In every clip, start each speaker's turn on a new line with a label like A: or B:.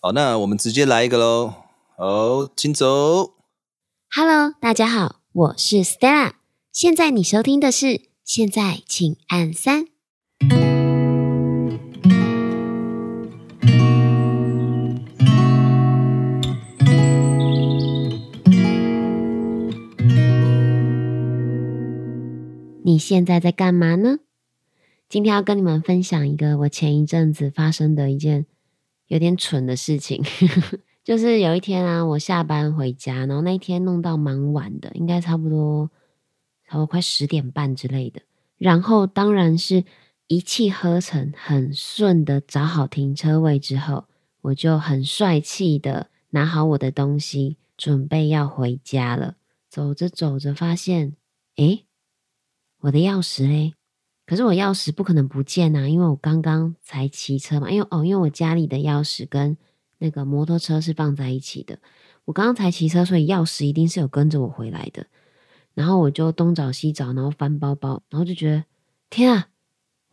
A: 好，那我們直接來一個嘍。好，請走。Hello，大家好，我是 Stella。現在你收聽的是，現在請按三。你現在在幹嘛呢？今天要跟你們分享一個我前一陣子發生的一件。有點蠢的事情， 就是有一天啊，我下班回家，然後那一天弄到蠻晚的，應該差不多，差不多快十點半之類的。然後當然是，一氣呵成，很順的找好停車位之後，我就很帥氣的拿好我的東西，準備要回家了。走着走着，發現，誒，我的鑰匙嘞？可是我鑰匙不可能不見吶、啊，因為我剛剛才騎車嘛，因為哦，因為我家裡的鑰匙跟那個摩托車是放在一起的。我剛剛才騎車，所以鑰匙一定是有跟着我回來的。然後我就東找西找，然後翻包包，然後就覺得天啊，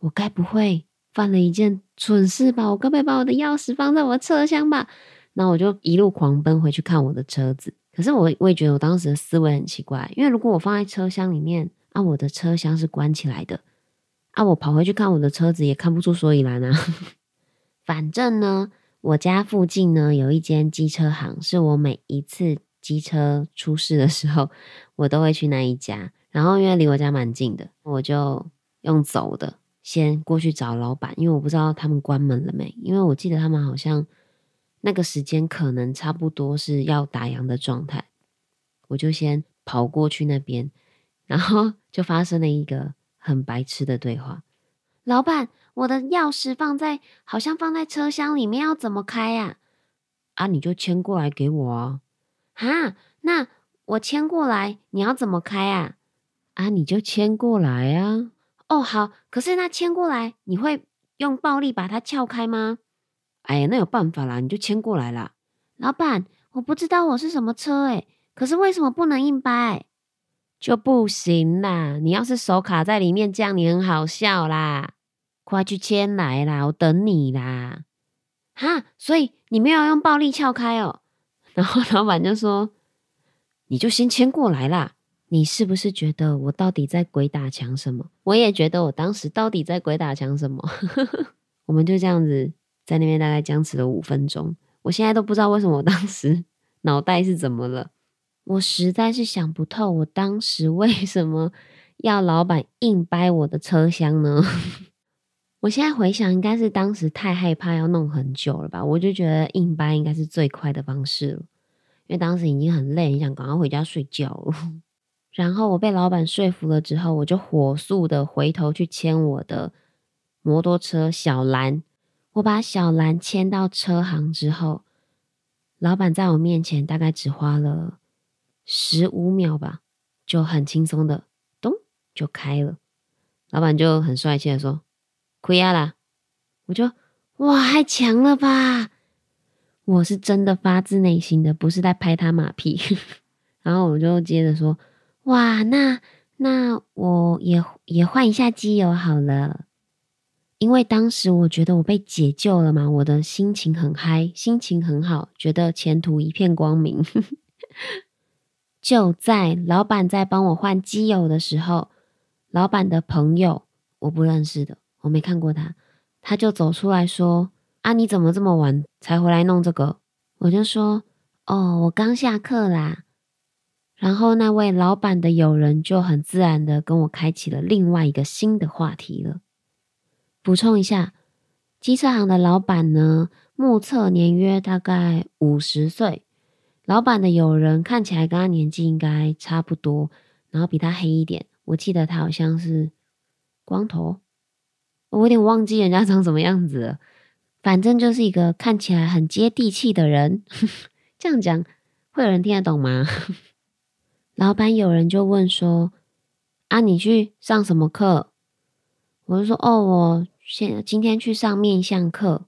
A: 我該不會犯了一件蠢事吧？我該不會把我的鑰匙放在我的車廂吧？那我就一路狂奔回去看我的車子。可是我我也覺得我當時的思維很奇怪，因為如果我放在車廂裡面啊，我的車廂是關起來的。那、啊、我跑回去看我的車子也看不出所以然啊。 反正呢，我家附近呢有一間機車行，是我每一次機車出事的時候，我都會去那一家。然後因為離我家蠻近的，我就用走的先過去找老闆，因為我不知道他們關門了沒。因為我記得他們好像那個時間可能差不多是要打烊的狀態，我就先跑過去那邊，然後就發生了一個。很白痴的對話。老闆，我的鑰匙放在好像放在車廂裡面，要怎麼開呀？啊，你就牽過來給我啊！啊，那我牽過來，你要怎麼開啊？啊，你就牽過來啊！哦，好，可是那牽過來，你會用暴力把它撬開嗎？哎呀，那有辦法啦，你就牽過來啦。老闆，我不知道我是什麼車哎，可是為什麼不能硬掰？就不行啦！你要是手卡在裡面，這樣你很好笑啦！快去牽來啦，我等你啦！哈，所以你沒有用暴力撬開哦、喔。然後老闆就說：“你就先牽過來啦。”你是不是覺得我到底在鬼打牆什麼？我也覺得我當時到底在鬼打牆什麼？ 我們就這樣子在那邊大概僵持了五分鐘。我現在都不知道為什麼我當時腦袋是怎麼了。我實在是想不透，我當時為什麼要老闆硬掰我的車廂呢？ 我現在回想，應該是當時太害怕要弄很久了吧？我就覺得硬掰應該是最快的方式了，因為當時已經很累，很想趕快回家睡覺了。 然後我被老板說服了之後，我就火速的回頭去牽我的摩托車小蘭。我把小蘭牽到車行之後，老板在我面前大概只花了。十五秒吧，就很輕鬆的，咚就開了。老闆就很帥氣的說：“虧壓啦。”我就哇，wow, 太強了吧！我是真的發自內心的，不是在拍他馬屁。 然後我就接着說：“哇、wow，那那我也也換一下機油好了。”因為當時我覺得我被解救了嘛，我的心情很嗨，心情很好，覺得前途一片光明。 就在老闆在幫我換機油的時候，老闆的朋友，我不認識的，我沒看過他，他就走出來說：“啊，你怎麼這麼晚才回來弄這個？”我就說：“哦，我剛下課啦。”然後那位老闆的友人就很自然的跟我開啟了另外一個新的話題了。補充一下，機車行的老闆呢，目測年約大概五十歲。老闆的友人看起來跟他年紀應該差不多，然後比他黑一點。我記得他好像是光頭，oh, 我有點忘記人家長什麼樣子了。反正就是一個看起來很接地氣的人。 這樣講會有人聽得懂嗎？ 老闆友人就問說：“啊，你去上什麼課？”我就說：“哦，我現今天去上面相課，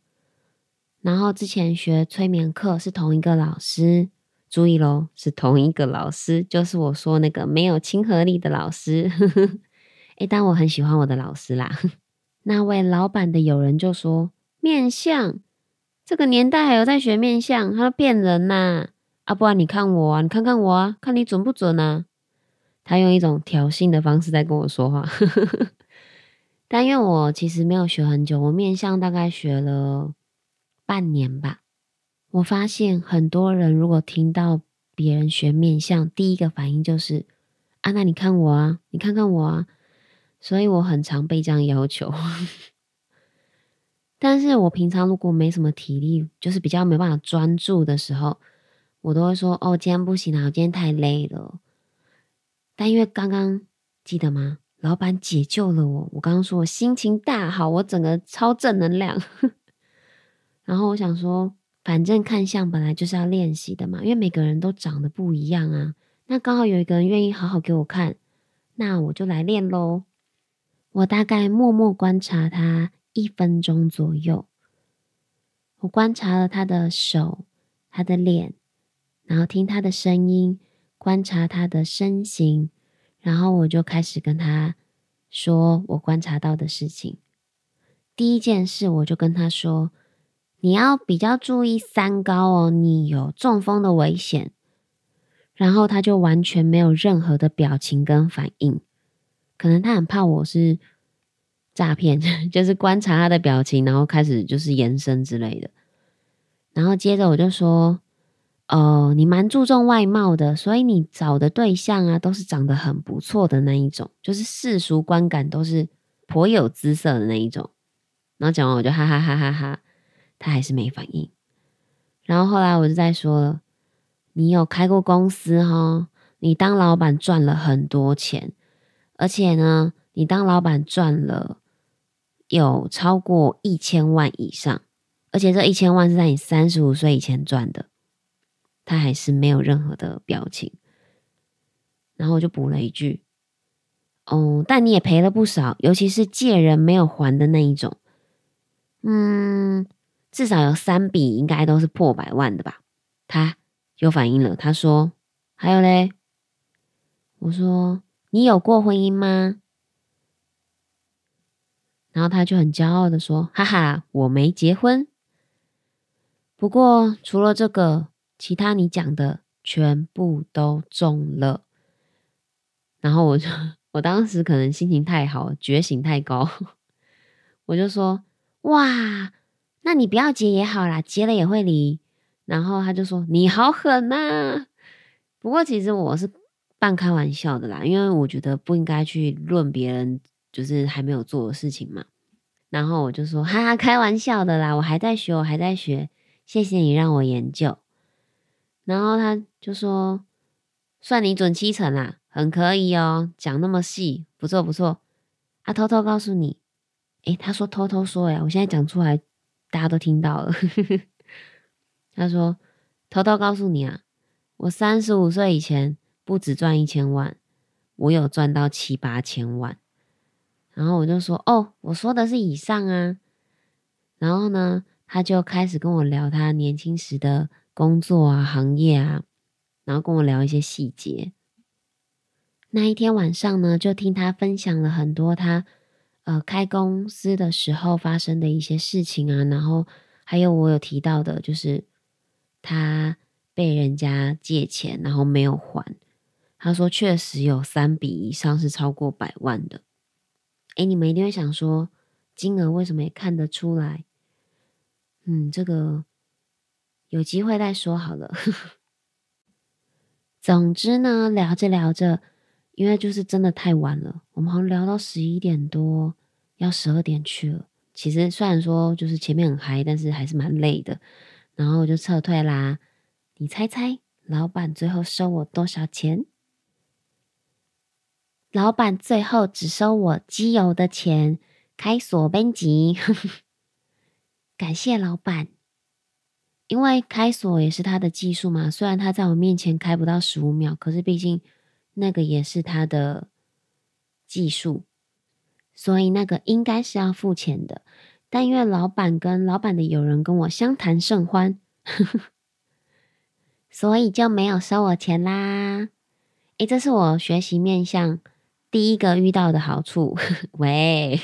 A: 然後之前學催眠課是同一個老師。”注意嘍，是同一個老師，就是我說那個沒有親和力的老師。呵呵。誒，但我很喜歡我的老師啦。 那位老板的友人就說：“面相，這個年代還有在學面相，他說騙人吶、啊！啊，不然你看我啊，你看看我啊，看你準不準啊？”他用一種挑釁的方式在跟我說話。呵呵呵。但願我其實沒有學很久，我面相大概學了半年吧。我發現很多人如果聽到別人學面相，第一個反應就是：“啊，那你看我啊，你看看我啊。”所以我很常被這樣要求。 但是我平常如果沒什麼體力，就是比較沒辦法專注的時候，我都會說：“哦，今天不行啊，我今天太累了。”但因為剛剛記得嗎？老板解救了我。我剛剛說我心情大好，我整個超正能量。 然後我想說。反正看相本來就是要練習的嘛，因為每個人都長得不一樣啊。那剛好有一個人願意好好給我看，那我就來練嘍。我大概默默觀察他一分鐘左右，我觀察了他的手、他的臉，然後聽他的聲音，觀察他的身形，然後我就開始跟他說我觀察到的事情。第一件事，我就跟他說。你要比較注意三高哦，你有中風的危險。然後他就完全沒有任何的表情跟反應，可能他很怕我是詐騙，就是觀察他的表情，然後開始就是延伸之類的。然後接着我就說：“呃，你蠻注重外貌的，所以你找的對象啊，都是長得很不錯的那一種，就是世俗觀感都是頗有姿色的那一種。”然後講完我就哈哈哈哈哈。他還是沒反應，然後後來我就再說了：“你有開過公司哈、哦，你當老板賺了很多錢，而且呢，你當老板賺了有超過一千萬以上，而且這一千萬是在你三十五歲以前賺的。”他還是沒有任何的表情，然後我就補了一句：“哦，但你也賠了不少，尤其是借人沒有還的那一種。”嗯。至少有三筆，應該都是破百萬的吧？他有反應了，他說：“還有嘞。”我說：“你有過婚姻嗎？”然後他就很驕傲的說：“哈哈，我沒結婚。不過除了這個，其他你講的全部都中了。”然後我就，我當時可能心情太好了，覺醒太高，我就說：“哇！”那你不要結也好啦，結了也會離。然後他就說：“你好狠吶、啊！”不過其實我是半開玩笑的啦，因為我覺得不應該去論別人就是還沒有做的事情嘛。然後我就說：“哈哈，開玩笑的啦，我還在學，我還在學。”謝謝你讓我研究。然後他就說：“算你準七成啦、啊，很可以哦，講那麼細，不錯不錯。啊”他偷偷告訴你：“誒，他說偷偷說，呀，我現在講出來。”大家都聽到了， 他說：“偷偷告訴你啊，我三十五歲以前不止賺一千萬，我有賺到七八千萬。”然後我就說：“哦，我說的是以上啊。”然後呢，他就開始跟我聊他年輕時的工作啊、行業啊，然後跟我聊一些細節。那一天晚上呢，就聽他分享了很多他。呃，開公司的時候發生的一些事情啊，然後還有我有提到的，就是他被人家借錢，然後沒有還。他說確實有三筆以上是超過百萬的。哎，你們一定會想說，金額為什麼也看得出來？嗯，這個有機會再說好了。 總之呢，聊着聊着，因為就是真的太晚了，我們好像聊到十一點多。要十二點去了。其實雖然說就是前面很嗨，但是還是蠻累的。然後我就撤退啦。你猜猜，老闆最後收我多少錢？老闆最後只收我機油的錢，開鎖編輯。 感謝老闆，因為開鎖也是他的技術嘛。雖然他在我面前開不到十五秒，可是畢竟那個也是他的技術。所以那個應該是要付錢的，但因為老闆跟老闆的友人跟我相談甚歡，呵呵。所以就沒有收我錢啦。誒，這是我學習面相第一個遇到的好處。呵呵喂，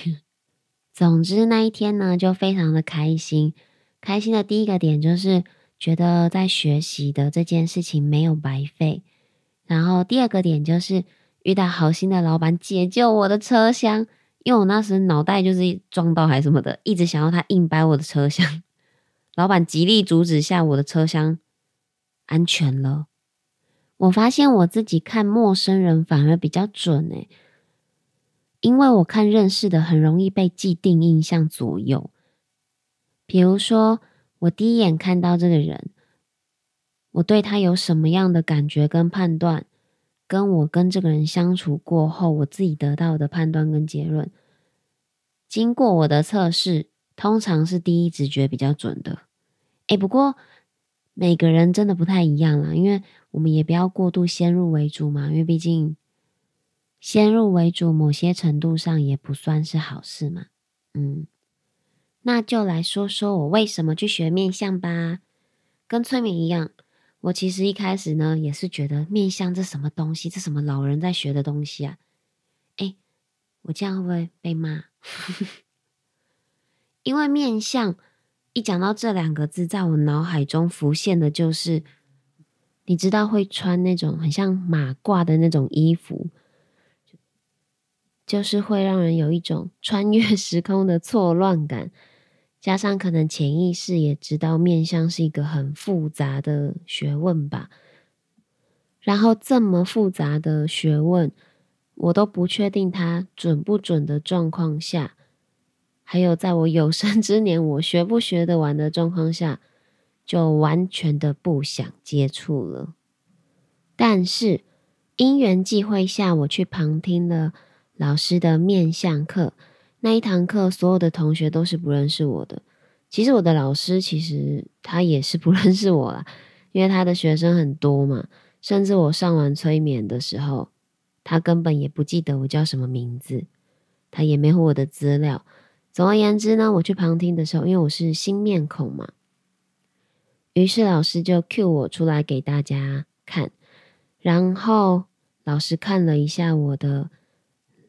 A: 總之那一天呢，就非常的開心，開心的第一個點就是覺得在學習的這件事情沒有白費，然後第二個點就是遇到好心的老闆解救我的車廂。因為我那時腦袋就是撞到還什麼的，一直想要他硬掰我的車廂。老板極力阻止下，我的車廂安全了。我發現我自己看陌生人反而比較準誒、欸，因為我看認識的很容易被既定印象左右。比如說，我第一眼看到這個人，我對他有什麼樣的感覺跟判斷？跟我跟這個人相處過後，我自己得到的判斷跟結論。經過我的測試，通常是第一直覺比較準的。誒，不過每個人真的不太一樣啦，因為我們也不要過度先入為主嘛，因為畢竟先入為主某些程度上也不算是好事嘛。嗯，那就來說說我為什麼去學面相吧，跟催眠一樣。我其實一開始呢，也是覺得面相這什麼東西，這什麼老人在學的東西啊？誒，我這樣會不會被罵？ 因為面相一講到這兩個字，在我腦海中浮現的就是，你知道會穿那種很像馬褂的那種衣服，就是會讓人有一種穿越時空的錯亂感。加上可能潛意識也知道面相是一個很複雜的學問吧，然後這麼複雜的學問，我都不確定它準不準的狀況下，還有在我有生之年我學不學得完的狀況下，就完全的不想接觸了。但是因緣際會下，我去旁聽了老師的面相課。那一堂課，所有的同學都是不認識我的。其實我的老師其實他也是不認識我啦，因為他的學生很多嘛。甚至我上完催眠的時候，他根本也不記得我叫什麼名字，他也沒有我的資料。總而言之呢，我去旁聽的時候，因為我是新面孔嘛，於是老師就 cue 我出來給大家看。然後老師看了一下我的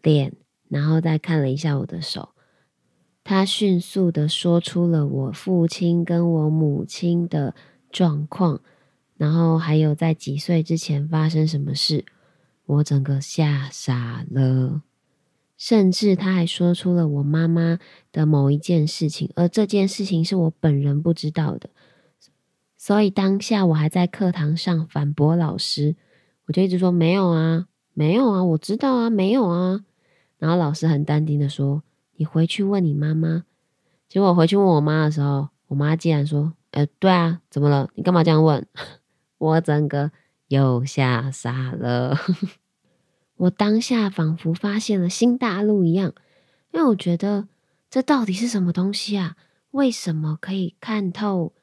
A: 臉。然後再看了一下我的手，他迅速的說出了我父親跟我母親的狀況，然後還有在幾歲之前發生什麼事，我整個嚇傻了，甚至他還說出了我媽媽的某一件事情，而這件事情是我本人不知道的，所以當下我還在課堂上反駁老師，我就一直說沒有啊，沒有啊，我知道啊，沒有啊。然後老師很淡定的說：“你回去問你媽媽。”結果回去問我媽的時候，我媽竟然說：“呃、欸，對啊，怎麼了？你幹嘛這樣問？”我整個又嚇傻了。 我當下仿佛發現了新大陸一樣，因為我覺得這到底是什麼東西啊？為什麼可以看透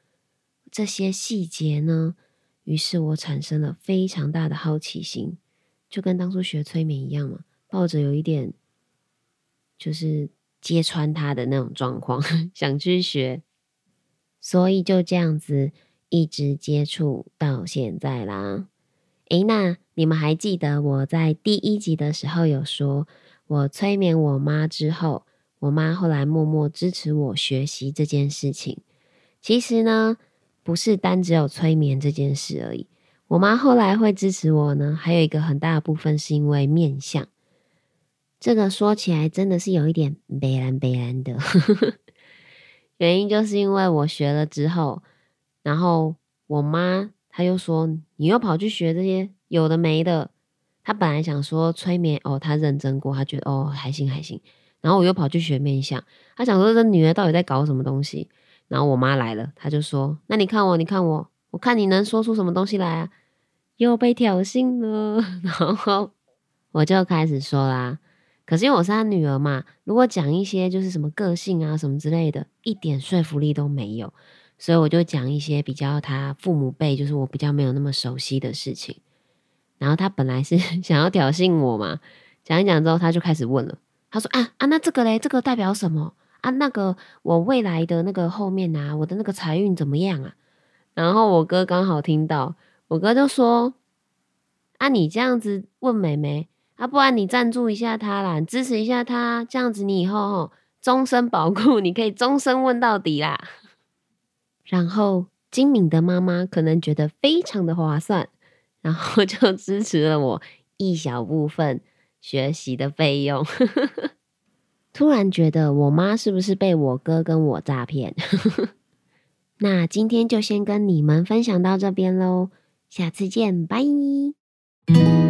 A: 這些細節呢？於是我產生了非常大的好奇心，就跟當初學催眠一樣嘛，抱着有一點。就是揭穿他的那種狀況，想去學，所以就這樣子一直接觸到現在啦。誒，那你們還記得我在第一集的時候有說我催眠我媽之後，我媽後來默默支持我學習這件事情。其實呢，不是單只有催眠這件事而已。我媽後來會支持我呢，還有一個很大的部分是因為面相。這個說起來真的是有一點悲涼悲涼的， 原因就是因為我學了之後，然後我媽她又說，你又跑去學這些有的沒的。她本來想說催眠哦，她認真過，她覺得哦還行還行，然後我又跑去學面相，她想說這女兒到底在搞什麼東西。然後我媽來了，她就說，那你看我你看我，我看你能說出什麼東西來啊。又被挑釁了，然後我就開始說啦。可是因為我是他女兒嘛，如果講一些就是什麼個性啊什麼之類的，一點說服力都沒有，所以我就講一些比較他父母輩，就是我比較沒有那麼熟悉的事情。然後他本來是想要挑釁我嘛，講一講之後他就開始問了，他說啊啊，那這個嘞，這個代表什麼啊？那個我未來的那個後面啊，我的那個財運怎麼樣啊？然後我哥剛好聽到，我哥就說啊，你這樣子問美眉。啊，不然你贊助一下他啦，支持一下他，這樣子你以後、哦、終身保固，你可以終身問到底啦。然後精明的媽媽可能覺得非常的划算，然後就支持了我一小部分學習的費用。 突然覺得我媽是不是被我哥跟我詐騙？ 那今天就先跟你們分享到這邊嘍，下次見，拜。